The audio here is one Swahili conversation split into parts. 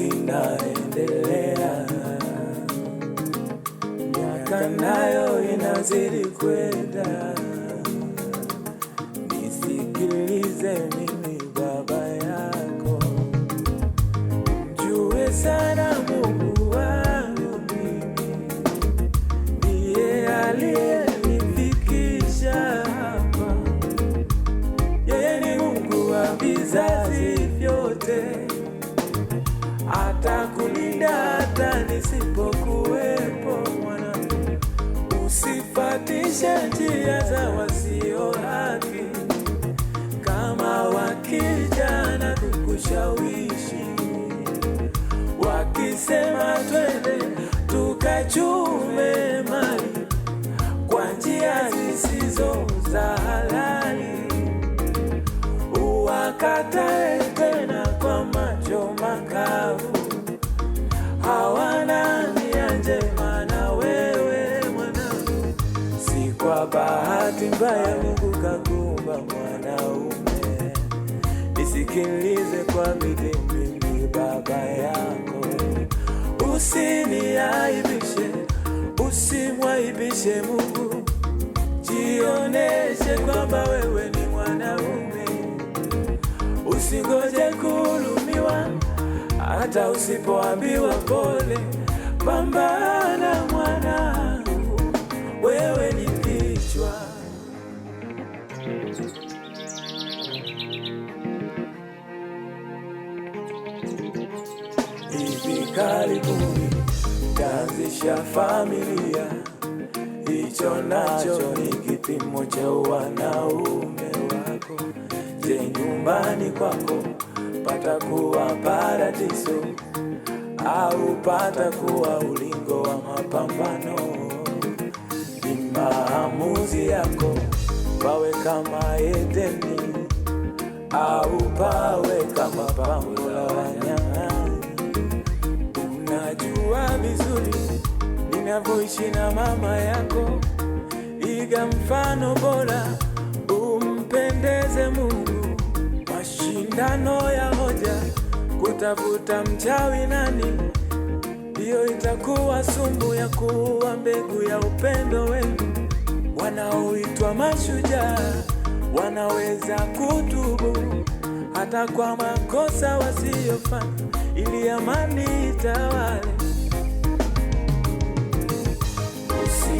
sinaendelea, miaka nayo inazidi kwenda, nisikilizeni Tusifuatishe njia za wasio haki, kama wakija na kukushawishi, wakisema twende tukachume mali kwa njia zisizo za halali, uwakatae ya Mungu kakumba mwanaume, nisikilize kwa bidii, mimi baba yako. Usiniaibishe, usimwaibishe Mungu, jioneshe kwamba wewe ni mwanaume. Usingoje kulumiwa, hata usipoambiwa pole. Pambana mwanangu, wewe ni hivi karibuni taanzisha familia, hicho nacho ni kipimo cha wanaume wako. Je, nyumbani kwako patakuwa paradiso au patakuwa ulingo wa mapambano? Ni maamuzi yako, pawe kama Edeni au pawe kama pango kuwa vizuri ninavyoishi na mama yako. Iga mfano bora, umpendeze Mungu. Mashindano ya hoja, kutafuta mchawi nani, hiyo itakuwa sumu ya kuua mbegu ya upendo wenu. Wanaoitwa mashujaa wanaweza kutubu hata kwa makosa wasiyofanya, ili amani itawale.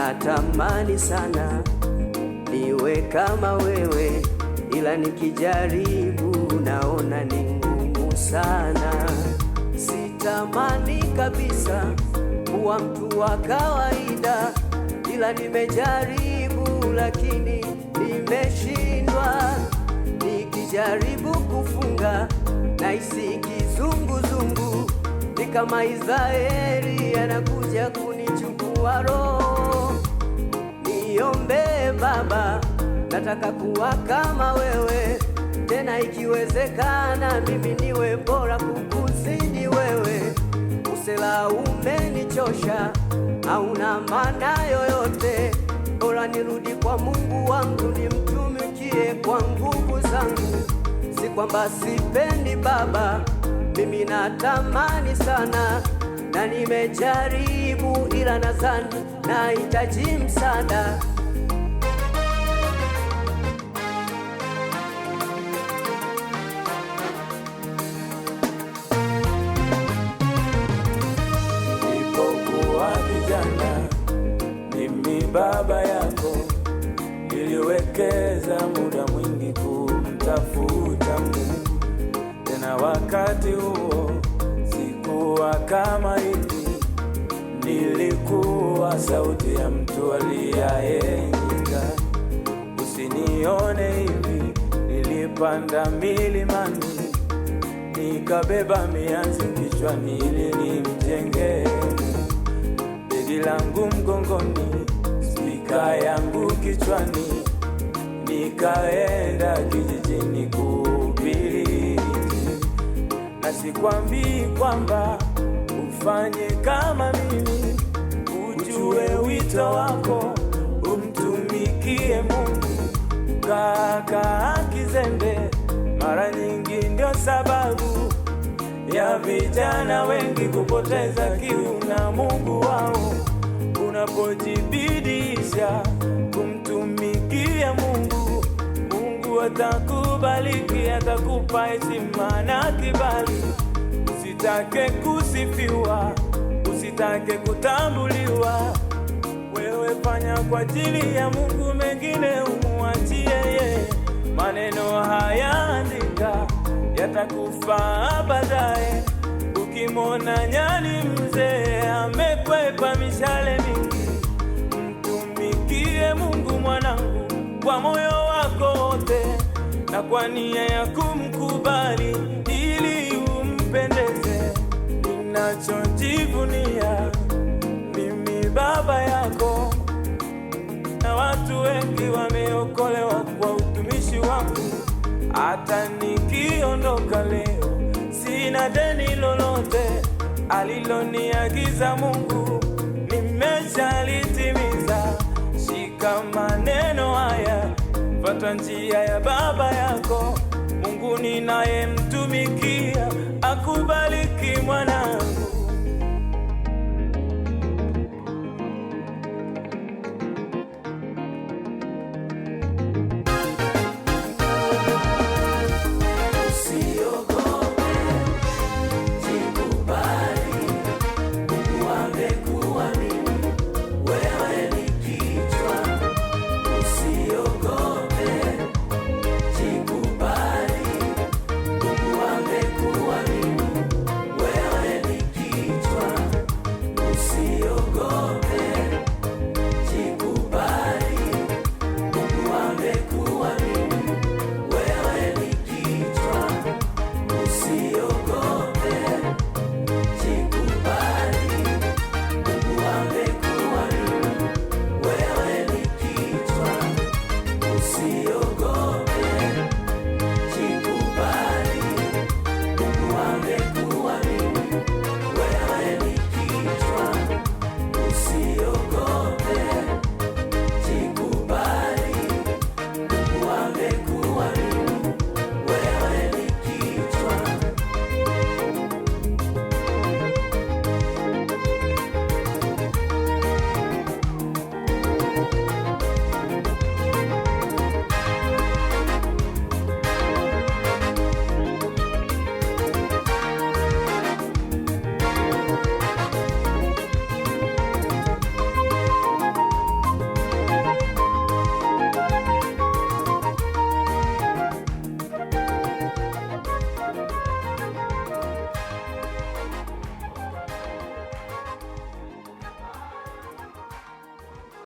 natamani sana niwe kama wewe, ila nikijaribu naona ni ngumu sana. Sitamani kabisa kuwa mtu wa kawaida, ila nimejaribu, lakini nimeshindwa. Nikijaribu kufunga nahisi kizunguzungu, ni kama Israeli anakuja kunichukua roho Niombe Baba, nataka kuwa kama wewe, tena ikiwezekana mimi niwe bora kukuzidi wewe. Usela umenichosha, hauna maana yoyote, bora nirudi kwa Mungu wangu nimtumikie kwa nguvu zangu. Si kwamba sipendi Baba, mimi natamani sana na nimejaribu dhaifu, ila nadhani nahitaji msaada. Nilipokuwa mimi baba yako niliwekeza muda mwingi kumtafuta Mungu, tena wakati huo sikuwa kama hivi nilikuwa sauti ya mtu aliyeayenyika. Usinione hivi, nilipanda milimani nikabeba mianzi kichwani ili nimjenge begi langu mgongoni, spika yangu kichwani, nikaenda kijijini kuhubiri, na sikwambii kwamba ufanye kama mimi ujue wito wako, umtumikie Mungu. Kaka kizembe mara nyingi ndio sababu ya vijana wengi kupoteza kiu na Mungu wao. Unapojibidisha kumtumikia Mungu, Mungu atakubariki, atakupa heshima na kibali. Usitake kusifiwa utange kutambuliwa. Wewe fanya kwa ajili ya Mungu, mengine umuachie ye. Maneno haya andika, yatakufaa baadaye. ukimona nyani mzee amekwepa mishale mingi, mtumikie Mungu mwanangu, kwa moyo wako wote na kwa nia ya kumkubali kujivunia, mimi baba yako, na watu wengi wameokolewa kwa utumishi wangu. Hata nikiondoka leo, sina deni lolote, aliloniagiza Mungu nimeshalitimiza. Shika maneno haya, fata njia ya baba yako. Mungu ninayemtumikia akubariki mwana